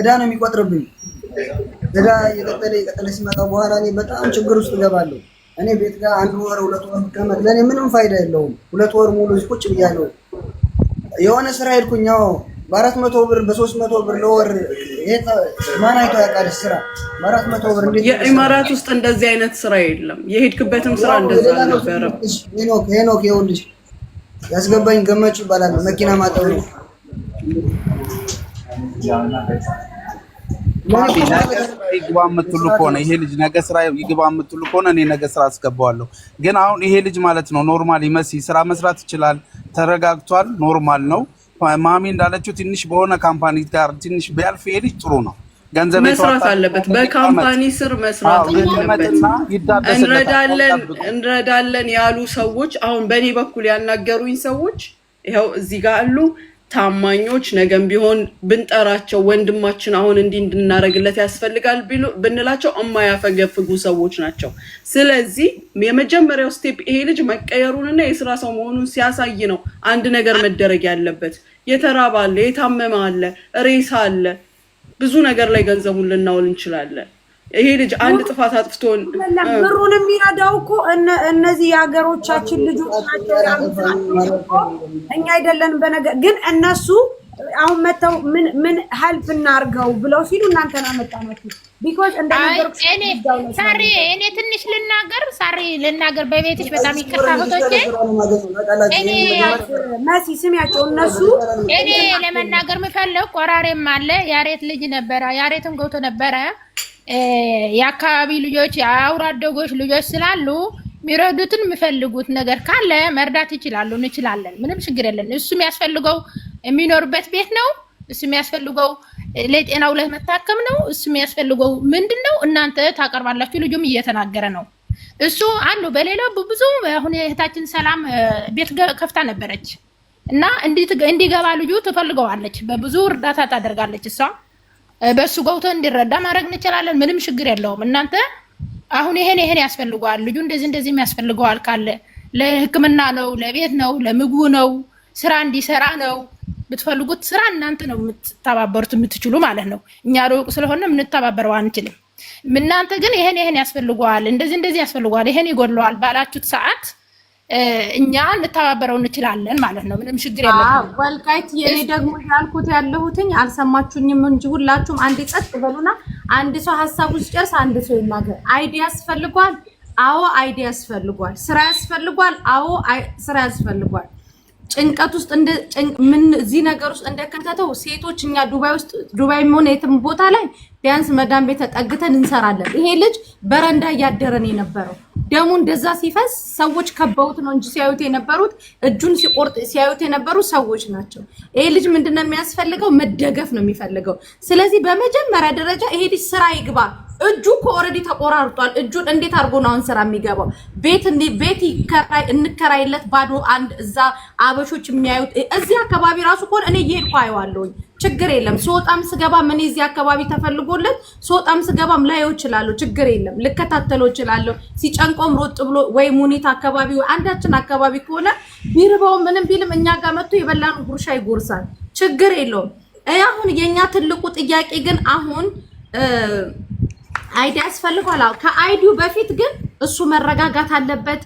እዳ ነው የሚቆጥርብኝ። እዳ እየቀጠለ እየቀጠለ ሲመጣ በኋላ እኔ በጣም ችግር ውስጥ እገባለሁ። እኔ ቤት ጋር አንድ ወር ሁለት ወር ከመት ለእኔ ምንም ፋይዳ የለውም። ሁለት ወር ሙሉ ቁጭ ብያለሁ። የሆነ ስራ ሄድኩኝ። አዎ በአራት መቶ ብር በሶስት መቶ ብር ለወር ማን አይቶ ያውቃል? ስራ በአራት መቶ ብር የኢማራት ውስጥ እንደዚህ አይነት ስራ የለም። የሄድክበትም ስራ እንደዛ ነበረ። ሄኖክ ይኸውልሽ ያስገባኝ ገመቹ ይባላል። መኪና ማጠብ ነው ይግባ የምትሉ ከሆነ ይሄ ልጅ ነገ ስራ ይግባ የምትሉ ከሆነ እኔ ነገ ስራ አስገባዋለሁ። ግን አሁን ይሄ ልጅ ማለት ነው ኖርማል ይመስ ስራ መስራት ይችላል። ተረጋግቷል። ኖርማል ነው። ማሚ እንዳለችው ትንሽ በሆነ ካምፓኒ ጋር ትንሽ ቢያልፍ ይሄ ልጅ ጥሩ ነው። ገንዘብ መስራት አለበት። በካምፓኒ ስር መስራት አለበት። እንረዳለን እንረዳለን ያሉ ሰዎች አሁን በእኔ በኩል ያናገሩኝ ሰዎች ይኸው እዚህ ጋር አሉ። ታማኞች ነገም ቢሆን ብንጠራቸው ወንድማችን አሁን እንዲህ እንድናደርግለት ያስፈልጋል ብንላቸው እማያፈገፍጉ ሰዎች ናቸው። ስለዚህ የመጀመሪያው ስቴፕ ይሄ ልጅ መቀየሩንና የስራ ሰው መሆኑን ሲያሳይ ነው አንድ ነገር መደረግ ያለበት። የተራበ አለ፣ የታመመ አለ፣ ሬሳ አለ። ብዙ ነገር ላይ ገንዘቡን ልናውል እንችላለን። ይሄ ልጅ አንድ ጥፋት አጥፍቶን ብሩን የሚረዳው እኮ እነዚህ የሀገሮቻችን ልጆች ናቸው፣ እኛ አይደለንም። በነገር ግን እነሱ አሁን መተው ምን ምን ሀልፍ እናርገው ብለው ሲሉ እናንተን አመጣናችሁ። ሳሪ እኔ ትንሽ ልናገር፣ ሳሪ ልናገር። በቤትሽ በጣም ይቅርታ እህቶቼ። መሲ ስሚያቸው፣ እነሱ እኔ ለመናገር የምፈልግ ቆራሬም አለ ያሬት ልጅ ነበረ፣ ያሬትም ገብቶ ነበረ የአካባቢ ልጆች የአውራ አደጎች ልጆች ስላሉ የሚረዱትን የሚፈልጉት ነገር ካለ መርዳት ይችላሉ፣ እንችላለን። ምንም ችግር የለን። እሱ የሚያስፈልገው የሚኖርበት ቤት ነው። እሱ የሚያስፈልገው ለጤናው ለመታከም ነው። እሱ የሚያስፈልገው ምንድን ነው? እናንተ ታቀርባላችሁ። ልጁም እየተናገረ ነው። እሱ አሉ በሌላው ብዙ አሁን እህታችን ሰላም ቤት ከፍታ ነበረች እና እንዲገባ ልጁ ትፈልገዋለች። በብዙ እርዳታ ታደርጋለች እሷ በእሱ ገብቶ እንዲረዳ ማድረግ እንችላለን። ምንም ችግር የለውም። እናንተ አሁን ይሄን ይሄን ያስፈልገዋል ልጁ እንደዚህ እንደዚህ የሚያስፈልገዋል ካለ ለሕክምና ነው፣ ለቤት ነው፣ ለምግቡ ነው፣ ስራ እንዲሰራ ነው። ብትፈልጉት ስራ እናንተ ነው የምትተባበሩት የምትችሉ ማለት ነው። እኛ ሩቅ ስለሆነ የምንተባበረው አንችልም። እናንተ ግን ይሄን ይሄን ያስፈልገዋል፣ እንደዚህ እንደዚህ ያስፈልገዋል፣ ይሄን ይጎድለዋል ባላችሁት ሰዓት እኛ ልተባበረው እንችላለን ማለት ነው። ምንም ችግር የለም። ወልቃይት የኔ ደግሞ ያልኩት ያለሁትኝ አልሰማችሁኝም እንጂ ሁላችሁም አንድ ጸጥ በሉና አንድ ሰው ሀሳቡን ሲጨርስ አንድ ሰው ይናገር። አይዲያ ያስፈልጓል። አዎ አይዲያ ያስፈልጓል። ስራ ያስፈልጓል። አዎ ስራ ያስፈልጓል። ጭንቀት ውስጥ እንደ ምን እዚህ ነገር ውስጥ እንደከተተው ሴቶች እኛ ዱባይ ውስጥ ዱባይ የሚሆን የትም ቦታ ላይ ቢያንስ መዳም ቤት ተጠግተን እንሰራለን። ይሄ ልጅ በረንዳ እያደረን የነበረው ደሙ እንደዛ ሲፈስ ሰዎች ከበውት ነው እንጂ ሲያዩት የነበሩት እጁን ሲቆርጥ ሲያዩት የነበሩት ሰዎች ናቸው። ይሄ ልጅ ምንድነው የሚያስፈልገው? መደገፍ ነው የሚፈልገው። ስለዚህ በመጀመሪያ ደረጃ ይሄ ልጅ ስራ ይግባ እጁ እኮ ኦልሬዲ ተቆራርጧል። እጁን እንዴት አድርጎ ነው አሁን ስራ የሚገባው? ቤት ቤት ይከራይ እንከራይለት ባዶ አንድ እዛ አበሾች የሚያዩት እዚህ አካባቢ ራሱ ከሆነ እኔ እየሄድኩ አየዋለሁኝ። ችግር የለም። ስወጣም ስገባ ምን እዚህ አካባቢ ተፈልጎለት ስወጣም ስገባም ላየው እችላለሁ። ችግር የለም። ልከታተለው እችላለሁ። ሲጨንቆም ሮጥ ብሎ ወይ ሙኒት አካባቢ ወይ አንዳችን አካባቢ ከሆነ ቢርበው ምንም ቢልም እኛ ጋር መጥቶ የበላኑ ጉርሻ ይጎርሳል። ችግር የለውም። አሁን የኛ ትልቁ ጥያቄ ግን አሁን አይዲ ያስፈልገዋል። አዎ ከአይዲው በፊት ግን እሱ መረጋጋት አለበት።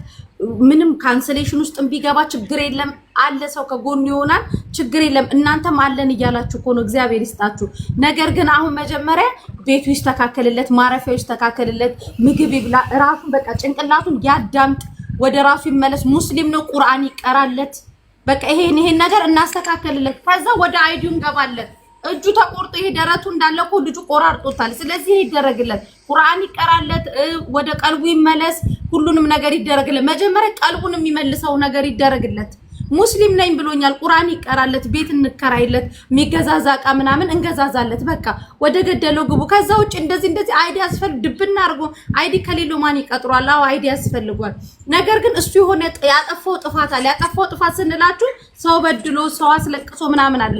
ምንም ካንስሌሽን ውስጥ ቢገባ ችግር የለም አለ ሰው ከጎኑ ይሆናል። ችግር የለም እናንተም አለን እያላችሁ እኮ ነው። እግዚአብሔር ይስጣችሁ። ነገር ግን አሁን መጀመሪያ ቤቱ ይስተካከልለት፣ ማረፊያው ይስተካከልለት፣ ምግብ ይብላ፣ ራሱን በቃ ጭንቅላቱን ያዳምጥ፣ ወደ ራሱ ይመለስ። ሙስሊም ነው፣ ቁርአን ይቀራለት። በቃ ይሄን ይሄን ነገር እናስተካከልለት፣ ከዛ ወደ አይዲው እንገባለን። እጁ ተቆርጦ ይሄ ደረቱ እንዳለ እኮ ልጁ ቆራርጦታል። ስለዚህ ይደረግለት፣ ቁርአን ይቀራለት፣ ወደ ቀልቡ ይመለስ፣ ሁሉንም ነገር ይደረግለት። መጀመሪያ ቀልቡን የሚመልሰው ነገር ይደረግለት። ሙስሊም ነኝ ብሎኛል። ቁርአን ይቀራለት፣ ቤት እንከራይለት፣ የሚገዛዛ እቃ ምናምን እንገዛዛለት። በቃ ወደ ገደለው ግቡ። ከዛ ውጭ እንደዚህ እንደዚህ አይዲ ያስፈልግ ድብና አድርጎ አይዲ ከሌለው ማን ይቀጥሯል? አዎ አይዲ ያስፈልጓል። ነገር ግን እሱ የሆነ ያጠፋው ጥፋት አለ። ያጠፋው ጥፋት ስንላችሁ ሰው በድሎ ሰው አስለቅሶ ምናምን አለ።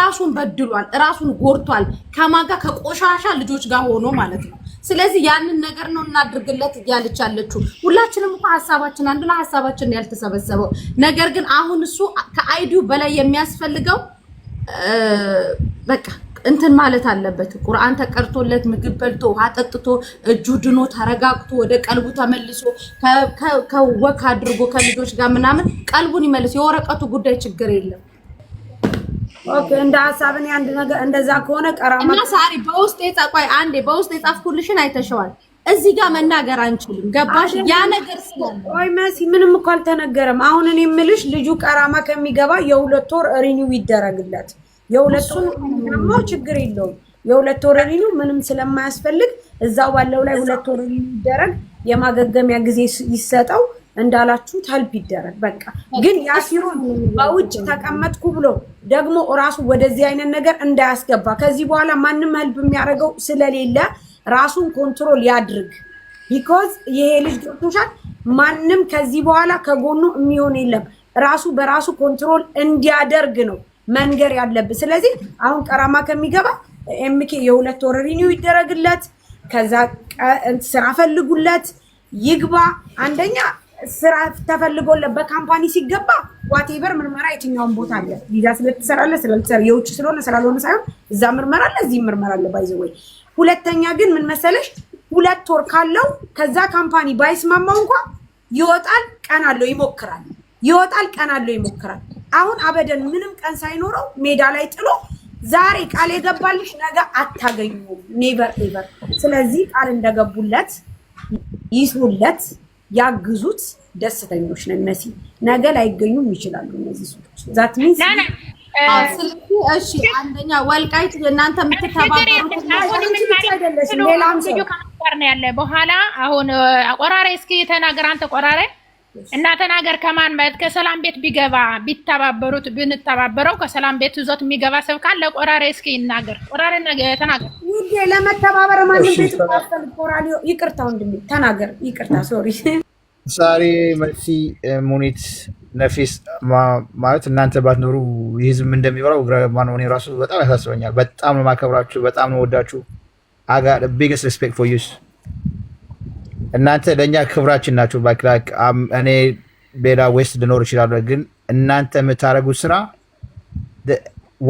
ራሱን በድሏል፣ ራሱን ጎርቷል ከማጋ ከቆሻሻ ልጆች ጋር ሆኖ ማለት ነው ስለዚህ ያንን ነገር ነው እናድርግለት እያለች ያለችው። ሁላችንም እኮ ሀሳባችን አንድ ላይ ሀሳባችን ያልተሰበሰበው ነገር ግን አሁን እሱ ከአይዲው በላይ የሚያስፈልገው በቃ እንትን ማለት አለበት። ቁርአን ተቀርቶለት ምግብ በልቶ ውሃ ጠጥቶ እጁ ድኖ ተረጋግቶ ወደ ቀልቡ ተመልሶ ከወክ አድርጎ ከልጆች ጋር ምናምን ቀልቡን ይመልስ። የወረቀቱ ጉዳይ ችግር የለም። ኦኬ እንደ ሀሳብ እኔ አንድ ነገር እንደዛ ከሆነ ቀራማ እና ሳሪ በውስጥ የጻቋይ አንዴ በውስጥ የጻፍኩልሽን አይተሸዋል። እዚህ ጋር መናገር አንችልም። ገባሽ? ያ ነገር ስላለ መሲ ምንም እኮ አልተነገረም። አሁን እኔ የምልሽ ልጁ ቀራማ ከሚገባ የሁለት ወር ሪኒው ይደረግለት። የሁለት ወር ችግር የለውም። የሁለት ወር ሪኒው ምንም ስለማያስፈልግ እዛው ባለው ላይ ሁለት ወር ሪኒው ይደረግ፣ የማገገሚያ ጊዜ ይሰጠው። እንዳላችሁ ተልብ ይደረግ። በቃ ግን ያ በውጭ ተቀመጥኩ ብሎ ደግሞ ራሱ ወደዚህ አይነት ነገር እንዳያስገባ። ከዚህ በኋላ ማንም ህልብ የሚያደርገው ስለሌለ ራሱን ኮንትሮል ያድርግ። ቢኮዝ ይሄ ልጅ ገብቶሻል። ማንም ከዚህ በኋላ ከጎኑ የሚሆን የለም። ራሱ በራሱ ኮንትሮል እንዲያደርግ ነው መንገር ያለብን። ስለዚህ አሁን ቀራማ ከሚገባ ኤምኬ የሁለት ወር ሪኒው ይደረግለት፣ ከዛ ስራ ፈልጉለት፣ ይግባ አንደኛ ስራ ተፈልጎለት በካምፓኒ ሲገባ ዋቴቨር ምርመራ የትኛውን ቦታ አለ፣ ቪዛ ስለትሰራለ ስለልትሰራ የውጭ ስለሆነ ስላልሆነ ሳይሆን እዛ ምርመራ አለ፣ እዚህ ምርመራ አለ። ባይዘ ወይ ሁለተኛ ግን ምን መሰለሽ ሁለት ወር ካለው ከዛ ካምፓኒ ባይስማማው እንኳ ይወጣል፣ ቀን አለው ይሞክራል፣ ይወጣል፣ ቀን አለው ይሞክራል። አሁን አበደን ምንም ቀን ሳይኖረው ሜዳ ላይ ጥሎ ዛሬ ቃል የገባልሽ ነገ አታገኙ፣ ኔቨር ኤቨር። ስለዚህ ቃል እንደገቡለት ይስሩለት። ያግዙት። ደስተኞች ነን። መሲ ነገ ላይገኙም ይችላሉ እነዚህ ሰዎች ዛት ሚንስ ስልኩ እሺ አንደኛ ወልቃይት እናንተ የምትተባበሩት አይደለሽም። ሌላም ሰው ነው ያለ በኋላ አሁን አቆራሬ እስኪ ተናገር አንተ ቆራሬ እና ተናገር ከማን ማለት ከሰላም ቤት ቢገባ ቢተባበሩት ብንተባበረው ከሰላም ቤት ይዞት የሚገባ ሰብ ካለ ቆራሬ እስኪ ይናገር። ቆራሬ ተናገር። ውዴ ለመተባበር ማንም ቤት ማፈል ቆራሬ ይቅርታ፣ ወንድሜ ተናገር። ይቅርታ ሶሪ። ዛሬ መሲ ሙኒት ነፊስ ማለት እናንተ ባትኖሩ ይህ እንደሚበራው ግራማ ሆኔ ራሱ በጣም ያሳስበኛል። በጣም ነው ማከብራችሁ፣ በጣም ነው ወዳችሁ። አጋ ቢገስት ሪስፔክት ፎር ዩስ እናንተ ለእኛ ክብራችን ናቸው። ባክላክ um, እኔ ሌላ ዌስት ልኖር ይችላለ፣ ግን እናንተ የምታደርጉት ስራ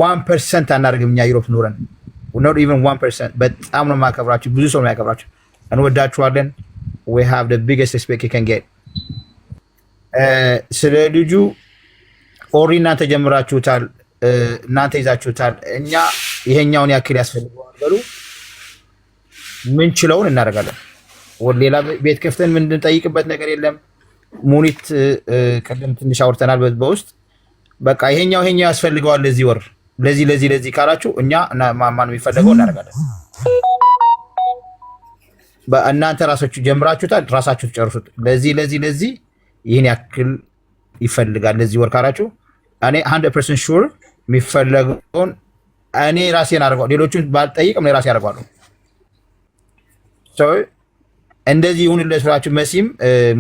ዋን ፐርሰንት አናደርግም። እኛ ዩሮፕ ኖረን ኖት ኢቨን ዋን ፐርሰንት። በጣም ነው የማከብራችሁ፣ ብዙ ሰው ነው ያከብራችሁ። እንወዳችኋለን። ዊ ሃቭ ዘ ቢገስት ሪስፔክት ዩ ጌት። ስለ ልጁ ኦሪ እናንተ ጀምራችሁታል፣ እናንተ ይዛችሁታል። እኛ ይሄኛውን ያክል ያስፈልገዋል በሉ፣ ምንችለውን እናደርጋለን። ሌላ ቤት ከፍተን የምንጠይቅበት ነገር የለም። ሙኒት ቅድም ትንሽ አውርተናል በውስጥ በቃ ይሄኛው ይሄኛው ያስፈልገዋል ለዚህ ወር ለዚህ ለዚህ ለዚህ ካላችሁ እኛ ማማን የሚፈለገው እናደርጋለን። በእናንተ ራሳችሁ ጀምራችሁታል፣ ራሳችሁ ትጨርሱት። ለዚህ ለዚህ ለዚህ ይህን ያክል ይፈልጋል ለዚህ ወር ካላችሁ እኔ ሀንድረድ ፐርሰንት ሹር የሚፈለገውን እኔ ራሴን አድርገዋል። ሌሎችን ባልጠይቅም እኔ ራሴ አድርገዋለሁ። እንደዚህ ይሁን ለስራችሁ መሲም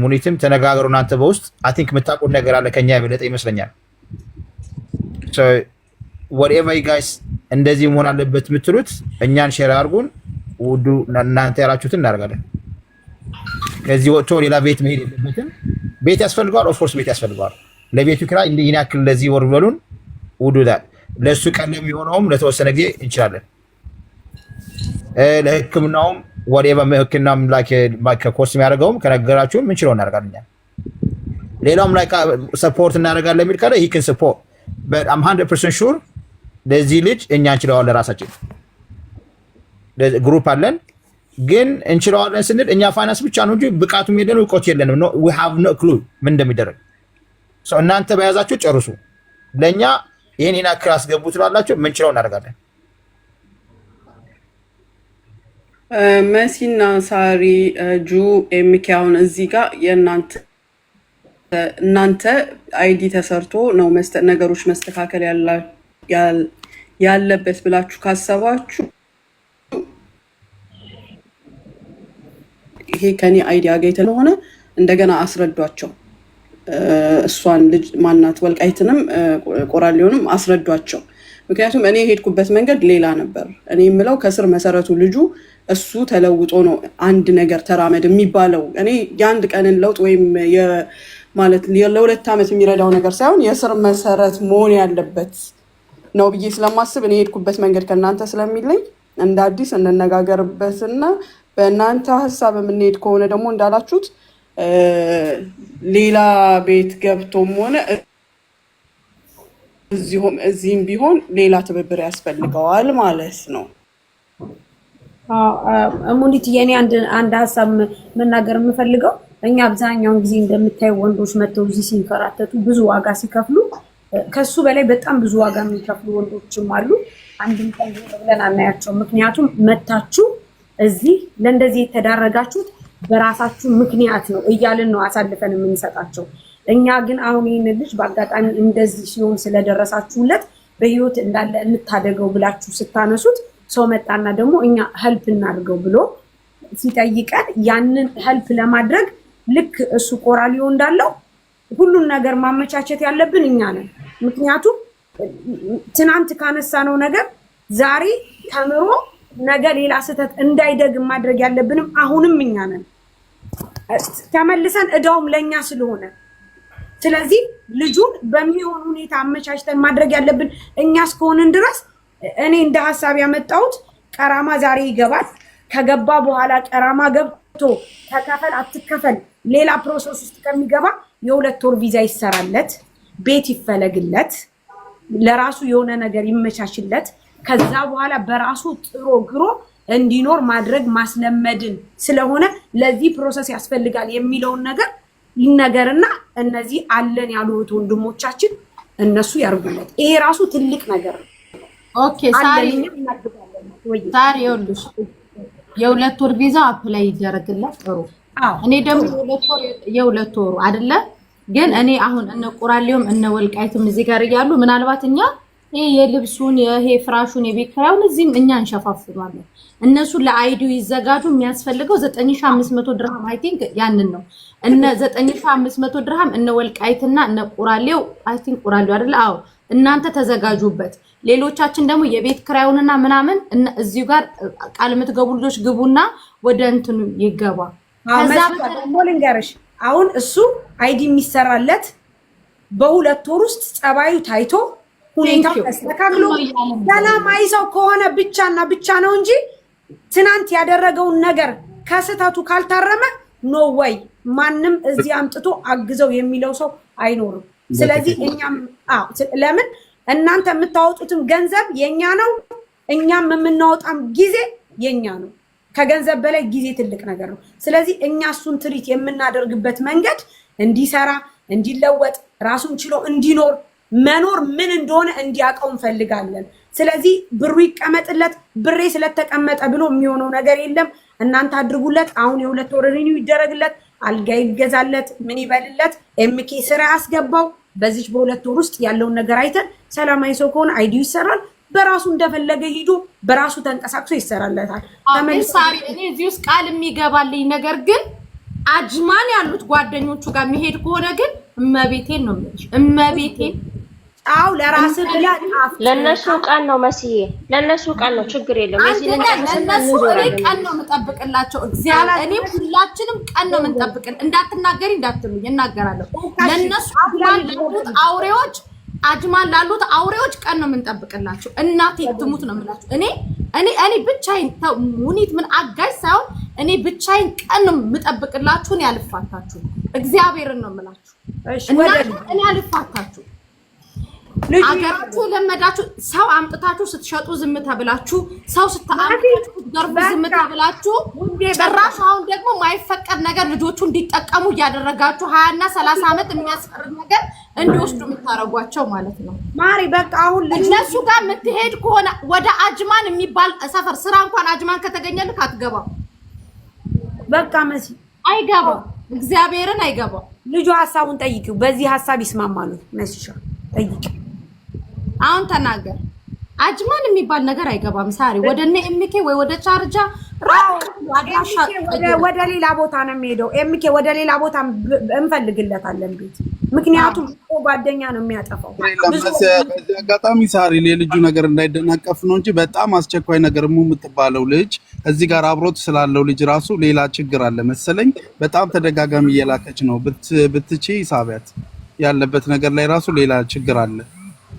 ሙኒትም ተነጋገሩ። እናንተ በውስጥ አይ ቲንክ የምታውቁት ነገር አለ ከኛ የበለጠ ይመስለኛል። ወደኤቨር ጋይስ እንደዚህ መሆን አለበት የምትሉት እኛን ሼር አድርጉን። ውዱ እናንተ ያላችሁትን እናደርጋለን። ከዚህ ወጥቶ ሌላ ቤት መሄድ የለበትም። ቤት ያስፈልገዋል፣ ኦፍኮርስ ቤት ያስፈልገዋል። ለቤቱ ኪራይ ይህን ያክል ለዚህ ወር በሉን። ውዱ ዳል ለእሱ ቀለም የሆነውም ለተወሰነ ጊዜ እንችላለን ለህክምናውም ወደበ ህክምናም ኮርስ የሚያደርገውም ምን ምንችለው እናደርጋለን። ሌላውም ላይ ሰፖርት uh, እናደርጋለን የሚል ካለ ይህን ስፖርት በጣም ሀንድረድ ፐርሰንት ሹር ለዚህ ልጅ እኛ እንችለዋለን። ራሳችን ግሩፕ አለን፣ ግን እንችለዋለን ስንል እኛ ፋይናንስ ብቻ ነው እንጂ ብቃቱም የለን እውቀቱ የለንም። ኖ ክሉ ምን እንደሚደረግ እናንተ በያዛችሁ ጨርሱ። ለእኛ ይህን ናክል አስገቡ ትላላችሁ፣ ምንችለው እናደርጋለን። መሲና ሳሪ ጁ ኤምኬ እዚህ ጋር የእናንተ እናንተ አይዲ ተሰርቶ ነው ነገሮች መስተካከል ያለበት ብላችሁ ካሰባችሁ ይሄ ከኔ አይዲ አገኝ ስለሆነ እንደገና አስረዷቸው። እሷን ልጅ ማናት ወልቃይትንም ቆራሊሆንም አስረዷቸው። ምክንያቱም እኔ የሄድኩበት መንገድ ሌላ ነበር። እኔ የምለው ከስር መሰረቱ ልጁ እሱ ተለውጦ ነው አንድ ነገር ተራመድ የሚባለው። እኔ የአንድ ቀንን ለውጥ ወይም ማለት ለሁለት ዓመት የሚረዳው ነገር ሳይሆን የስር መሰረት መሆን ያለበት ነው ብዬ ስለማስብ እኔ የሄድኩበት መንገድ ከእናንተ ስለሚለኝ እንደ አዲስ እንነጋገርበትና በእናንተ ሀሳብ የምንሄድ ከሆነ ደግሞ እንዳላችሁት ሌላ ቤት ገብቶም ሆነ እዚሁም እዚህም ቢሆን ሌላ ትብብር ያስፈልገዋል ማለት ነው። ሙኒት የኔ አንድ ሀሳብ መናገር የምፈልገው እኛ አብዛኛውን ጊዜ እንደምታየው ወንዶች መጥተው እዚህ ሲንከራተቱ ብዙ ዋጋ ሲከፍሉ ከሱ በላይ በጣም ብዙ ዋጋ የሚከፍሉ ወንዶችም አሉ። አንድም ቀን ብለን አናያቸው። ምክንያቱም መታችሁ እዚህ ለእንደዚህ የተዳረጋችሁት በራሳችሁ ምክንያት ነው እያልን ነው አሳልፈን የምንሰጣቸው። እኛ ግን አሁን ይህንን ልጅ በአጋጣሚ እንደዚህ ሲሆን ስለደረሳችሁለት በህይወት እንዳለ እንታደገው ብላችሁ ስታነሱት ሰው መጣና ደግሞ እኛ ሄልፕ እናድርገው ብሎ ሲጠይቀን ያንን ሄልፕ ለማድረግ ልክ እሱ ቆራሊዮ እንዳለው ሁሉን ነገር ማመቻቸት ያለብን እኛ ነን። ምክንያቱም ትናንት ካነሳነው ነገር ዛሬ ተምሮ ነገ ሌላ ስህተት እንዳይደግም ማድረግ ያለብንም አሁንም እኛ ነን። ተመልሰን እዳውም ለእኛ ስለሆነ ስለዚህ ልጁን በሚሆን ሁኔታ አመቻችተን ማድረግ ያለብን እኛ እስከሆንን ድረስ እኔ እንደ ሀሳብ ያመጣሁት ቀራማ ዛሬ ይገባል። ከገባ በኋላ ቀራማ ገብቶ ተከፈል አትከፈል ሌላ ፕሮሰስ ውስጥ ከሚገባ የሁለት ወር ቪዛ ይሰራለት፣ ቤት ይፈለግለት፣ ለራሱ የሆነ ነገር ይመቻችለት። ከዛ በኋላ በራሱ ጥሮ ግሮ እንዲኖር ማድረግ ማስለመድን ስለሆነ ለዚህ ፕሮሰስ ያስፈልጋል የሚለውን ነገር ይነገርና እነዚህ አለን ያሉት ወንድሞቻችን እነሱ ያርጉለት። ይሄ ራሱ ትልቅ ነገር ነው። ኦኬ ሳሪ ሳሪ ይኸውልሽ የሁለት ወር ቪዛ አፕላይ ላይ ይደረግላት ጥሩ። እኔ ደግሞ የሁለት ወሩ አይደለ ግን እኔ አሁን እነ ቁራሌውም እነ ወልቃይትም እዚህ ጋር እያሉ ምናልባት እኛ ይሄ የልብሱን ይሄ ፍራሹን የቤት ኪራዩን እዚህም እኛ እንሸፋፍኗለን። እነሱ ለአይዲው ይዘጋጁ። የሚያስፈልገው 9500 ድርሃም አይ ቲንክ ያንን ነው። እነ 9500 ድርሃም እነ ወልቃይትና እነ ቁራሌው አይ ቲንክ ቁራሌው አይደለ? አዎ እናንተ ተዘጋጁበት። ሌሎቻችን ደግሞ የቤት ኪራዩንና ምናምን እዚሁ ጋር ቃል የምትገቡ ልጆች ግቡና ወደ እንትኑ ይገባ። ከዛ ደግሞ ልንገርሽ አሁን እሱ አይዲ የሚሰራለት በሁለት ወር ውስጥ ጸባዩ ታይቶ ሁኔታው ተስተካክሎ ሰላም አይሰው ከሆነ ብቻና ብቻ ነው እንጂ ትናንት ያደረገውን ነገር ከስህተቱ ካልታረመ ኖ ወይ ማንም እዚህ አምጥቶ አግዘው የሚለው ሰው አይኖርም። ስለዚህ እኛም ለምን እናንተ የምታወጡትም ገንዘብ የኛ ነው፣ እኛም የምናወጣም ጊዜ የኛ ነው። ከገንዘብ በላይ ጊዜ ትልቅ ነገር ነው። ስለዚህ እኛ እሱን ትሪት የምናደርግበት መንገድ እንዲሰራ እንዲለወጥ ራሱን ችሎ እንዲኖር መኖር ምን እንደሆነ እንዲያውቀው እንፈልጋለን። ስለዚህ ብሩ ይቀመጥለት፣ ብሬ ስለተቀመጠ ብሎ የሚሆነው ነገር የለም። እናንተ አድርጉለት። አሁን የሁለት ወር ሪኒው ይደረግለት፣ አልጋ ይገዛለት፣ ምን ይበልለት፣ ኤምኬ ስራ ያስገባው። በዚች በሁለት ወር ውስጥ ያለውን ነገር አይተን ሰላማዊ ሰው ከሆነ አይዲው ይሰራል። በራሱ እንደፈለገ ሂዶ በራሱ ተንቀሳቅሶ ይሰራለታል። ሳሪ እኔ እዚህ ውስጥ ቃል የሚገባልኝ ነገር ግን አጅማን ያሉት ጓደኞቹ ጋር የሚሄድ ከሆነ ግን እመቤቴን ነው እመቤቴን አው ለራስ ብላ ጣፍ ለነሱ ቀን ነው መስዬ፣ ለነሱ ቀን ነው ችግር የለም። መስዬ ለነሱ ቀን ነው የምጠብቅላቸው። እግዚአብሔር እኔ ሁላችንም ቀን ነው የምንጠብቅል። እንዳትናገሪ እንዳትሉኝ እናገራለሁ። ለነሱ ላሉት አውሬዎች፣ አጅማን ላሉት አውሬዎች ቀን ነው የምንጠብቅላቸው። እናቴ ትሙት ነው የምላቸው። እኔ እኔ እኔ ብቻዬን ሙኒት ምን አጋዥ ሳይሆን እኔ ብቻዬን ቀን ነው የምጠብቅላችሁ። እኔ አልፋታችሁ፣ እግዚአብሔርን ነው የምላችሁ እና እኔ አልፋታችሁ አገራችሁ የለመዳችሁ ሰው አምጥታችሁ ስትሸጡ ዝም ተብላችሁ፣ ሰው ስታምጥታችሁ ስትዘርፉ ዝም ተብላችሁ፣ ጭራሽ አሁን ደግሞ ማይፈቀድ ነገር ልጆቹ እንዲጠቀሙ እያደረጋችሁ ሀያና ሰላሳ ዓመት የሚያስፈርድ ነገር እንዲወስዱ የምታደርጓቸው ማለት ነው። ማሪ በቃ አሁን እነሱ ጋር የምትሄድ ከሆነ ወደ አጅማን የሚባል ሰፈር ስራ እንኳን አጅማን ከተገኘልክ አትገባም። በቃ መሲ አይገባም፣ እግዚአብሔርን አይገባም። ልጁ ሀሳቡን ጠይቂው። በዚህ ሀሳብ ይስማማሉ መስሻ ጠይቂው። አሁን ተናገር። አጅማን የሚባል ነገር አይገባም። ሳሪ ወደ እነ ኤምኬ ወይ ወደ ቻርጃ ወደ ሌላ ቦታ ነው የሚሄደው። ኤምኬ ወደ ሌላ ቦታ እንፈልግለታለን ቤት፣ ምክንያቱም ጓደኛ ነው የሚያጠፋው። በዚህ አጋጣሚ ሳሪ የልጁ ነገር እንዳይደናቀፍ ነው እንጂ በጣም አስቸኳይ ነገር ሙ የምትባለው ልጅ እዚህ ጋር አብሮት ስላለው ልጅ ራሱ ሌላ ችግር አለ መሰለኝ። በጣም ተደጋጋሚ እየላከች ነው። ብትቺ ሳቢያት ያለበት ነገር ላይ ራሱ ሌላ ችግር አለ።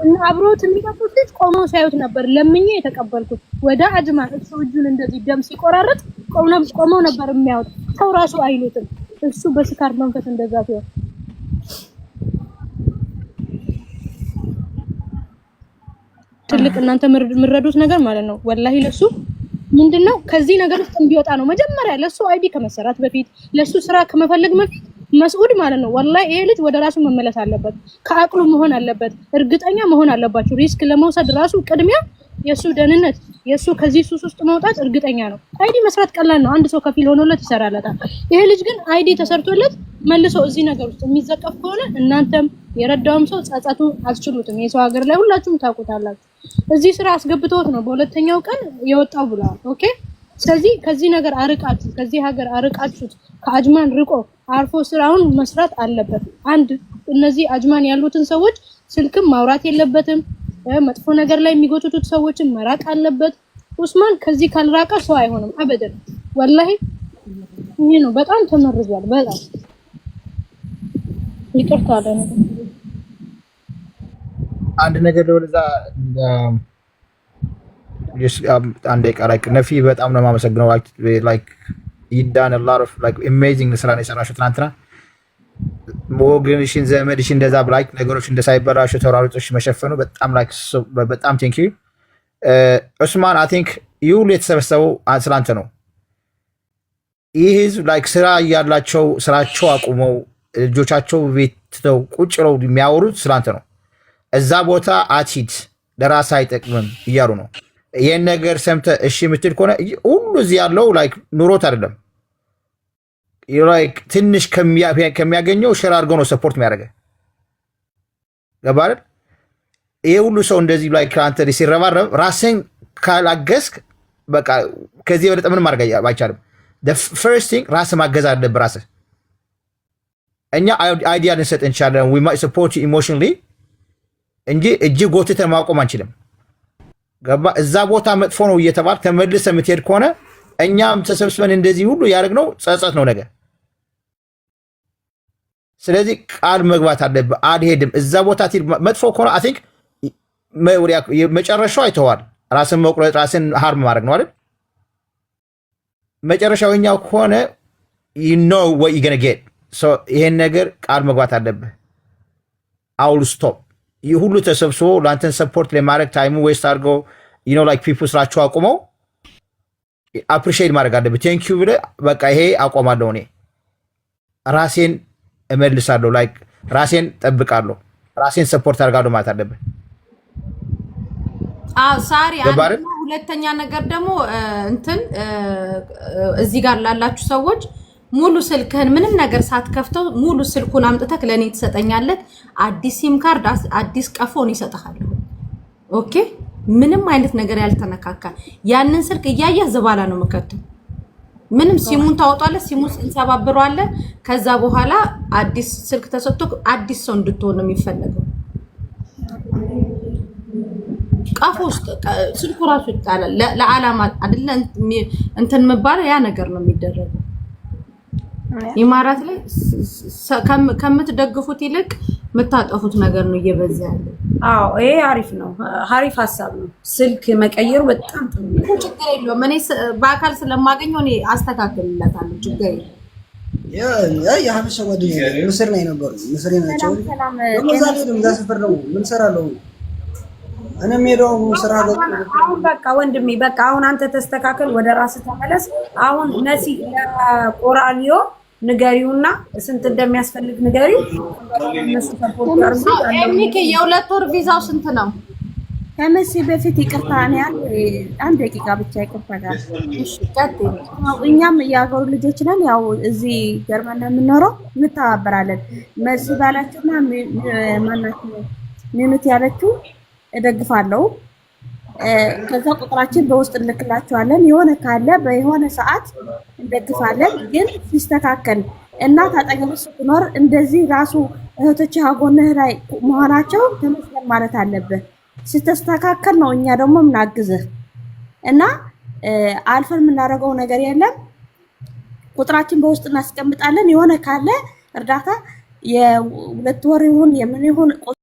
እና አብሮት የሚጠጡት ልጅ ቆሞ ሲያዩት ነበር። ለምኜ የተቀበልኩት ወደ አጅማ እሱ እጁን እንደዚህ ደም ሲቆራረጥ ቆመው ነበር የሚያዩት። ሰው ራሱ አይሉትም። እሱ በስካር መንፈስ እንደዛ ሲሆን ትልቅ እናንተ የምረዱት ነገር ማለት ነው። ወላሂ ለሱ ምንድነው ከዚህ ነገር ውስጥ እንዲወጣ ነው መጀመሪያ ለሱ አይዲ ከመሰራት በፊት ለሱ ስራ ከመፈለግ በፊት መስዑድ ማለት ነው። ወላሂ ይሄ ልጅ ወደ ራሱ መመለስ አለበት፣ ከአቅሉ መሆን አለበት። እርግጠኛ መሆን አለባችሁ። ሪስክ ለመውሰድ ራሱ ቅድሚያ የእሱ ደህንነት የእሱ ከዚህ ሱስ ውስጥ መውጣት እርግጠኛ ነው። አይዲ መስራት ቀላል ነው። አንድ ሰው ከፊል ሆኖለት ይሰራለታል። ይሄ ልጅ ግን አይዲ ተሰርቶለት መልሶ እዚህ ነገር ውስጥ የሚዘቀፍ ከሆነ እናንተም የረዳውም ሰው ጸጸቱ አስችሉትም የሰው ሀገር ላይ ሁላችሁም ታውቁታላችሁ። እዚህ ስራ አስገብተውት ነው በሁለተኛው ቀን የወጣው ብለዋል። ኦኬ። ስለዚህ ከዚህ ነገር አርቃችሁ ከዚህ ሀገር አርቃችሁት ከአጅማን ርቆ አርፎ ስራውን መስራት አለበት። አንድ እነዚህ አጅማን ያሉትን ሰዎች ስልክም ማውራት የለበትም። መጥፎ ነገር ላይ የሚጎትቱት ሰዎችን መራቅ አለበት። ኡስማን ከዚህ ካልራቀ ሰው አይሆንም። አበደን ወላሂ ይህ ነው። በጣም ተመርዟል። በጣም ይቅርታ አለ አንድ ነገር ለወደዛ አንድ ቀራቅ ነፊ በጣም ነው የማመሰግነው ላይክ ይዳን ላር ኦፍ ላይክ ስራ ነው የሰራሽው ትናንትና። ወግንሽን ዘመድሽ እንደዛ ላይክ ነገሮች እንደሳይበላሹ ተሯሩጦች መሸፈኑ በጣም ላይክ በጣም ቴንክ ዩ ዑስማን። አይ ቲንክ ይህ ሁሉ የተሰበሰበው ስላንተ ነው። ይህ ህዝብ ላይክ ስራ እያላቸው ስራቸው አቁመው ልጆቻቸው ቤት ትተው ቁጭ ብለው የሚያወሩት ስላንተ ነው። እዛ ቦታ አትሂድ ለራስህ አይጠቅምም እያሉ ነው። ይህን ነገር ሰምተ እሺ የምትል ከሆነ ሁሉ እዚህ ያለው ላይክ ኑሮት አይደለም ትንሽ ከሚያገኘው ሸር አድርገው ነው ሰፖርት የሚያደርገ ገባል። ይሄ ሁሉ ሰው እንደዚህ ላይ ከአንተ ሲረባረብ ራስን ካላገዝክ በቃ ከዚህ የበለጠ ምንም ማድረግ አይቻልም። ፈርስት ቲንግ ራስ ማገዝ አለብህ። ራስ እኛ አይዲያ ልንሰጥ እንችላለን፣ ሰፖርት ኢሞሽንሊ እንጂ እጅ ጎትተን ማቆም አንችልም። ገባ እዛ ቦታ መጥፎ ነው እየተባል ተመልሰ የምትሄድ ከሆነ እኛም ተሰብስበን እንደዚህ ሁሉ ያደረግነው ጸጸት ነው ነገር ስለዚህ ቃል መግባት አለብህ። አልሄድም እዛ ቦታ መጥፎ ከሆነ አይ ቲንክ መጨረሻው አይተዋል። ራስን መቁረጥ፣ ራስን ሀርም ማድረግ ነው አይደል? መጨረሻው መጨረሻውኛው ከሆነ ኖ ወይ ገነጌት ይሄን ነገር ቃል መግባት አለብህ። አውል ስቶፕ። ይህ ሁሉ ተሰብስቦ ለአንተን ሰፖርት ለማድረግ ታይሙ ዌስት አድርገው ዩ ኖ ላይክ ፒፕል ስራቸው አቁመው አፕሪሺየት ማድረግ አለብህ። ቴንኪዩ ብለህ በቃ ይሄ አቆማለሁ እኔ ራሴን እመልሳለሁ፣ ላይክ ራሴን ጠብቃለሁ፣ ራሴን ሰፖርት አድርጋለሁ ማለት አለብን። ሳሪ፣ ሁለተኛ ነገር ደግሞ እንትን እዚህ ጋር ላላችሁ ሰዎች ሙሉ ስልክህን ምንም ነገር ሳትከፍተው ሙሉ ስልኩን አምጥተህ ለእኔ ትሰጠኛለህ። አዲስ ሲም ካርድ፣ አዲስ ቀፎን ይሰጥሃል። ኦኬ፣ ምንም አይነት ነገር ያልተነካካል። ያንን ስልክ እያየህ ዝባላ ነው የምከተው። ምንም ሲሙን ታወጣለ፣ ሲሙን እንሰባብረዋለን። ከዛ በኋላ አዲስ ስልክ ተሰጥቶ አዲስ ሰው እንድትሆን ነው የሚፈለገው። ቀፎ ውስጥ ስልኩ ራሱ ይጣላል። ለዓላማ አይደለ እንትን የምባለው ያ ነገር ነው የሚደረገው። ኢማራት ላይ ከምትደግፉት ይልቅ የምታጠፉት ነገር ነው እየበዛ ያለው። አዎ ይሄ አሪፍ ነው፣ አሪፍ ሀሳብ ነው። ስልክ መቀየሩ በጣም ጥሩ ችግር የለውም። እኔ በአካል ስለማገኘው እኔ አስተካክልላታለሁ። ችግር የለውም። የሀበሻ ጓደኛ ምስር ነው የነበሩ ምስር ናቸው። እዛ ስፍር ነው ምን እሰራለሁ እኔ የምሄደው ስራ። አሁን በቃ ወንድሜ በቃ አሁን አንተ ተስተካከል፣ ወደ ራስ ተመለስ። አሁን ነሲ ቆራኒዮ ንገሪውና ስንት እንደሚያስፈልግ ንገሪው። ሚኪ የሁለት ወር ቪዛው ስንት ነው? ከመሲ በፊት ይቅርታ ያል አንድ ደቂቃ ብቻ ይቆበታል። እኛም የአገሩ ልጆች ነን። ያው እዚህ ጀርመን ነው የምንኖረው፣ እንተባበራለን። መሲ ባላችሁና ማናት ሚኑት ያለችው እደግፋለሁ ከዛ ቁጥራችን በውስጥ እንልክላቸዋለን። የሆነ ካለ በሆነ ሰዓት እንደግፋለን። ግን ሲስተካከል እናት ታጠገብ ስትኖር እንደዚህ ራሱ እህቶች ሀጎንህ ላይ መሆናቸው ተመስገን ማለት አለብህ። ስተስተካከል ነው እኛ ደግሞ ምናግዝህ እና አልፈን የምናደርገው ነገር የለም። ቁጥራችን በውስጥ እናስቀምጣለን። የሆነ ካለ እርዳታ የሁለት ወር ይሁን የምን ይሁን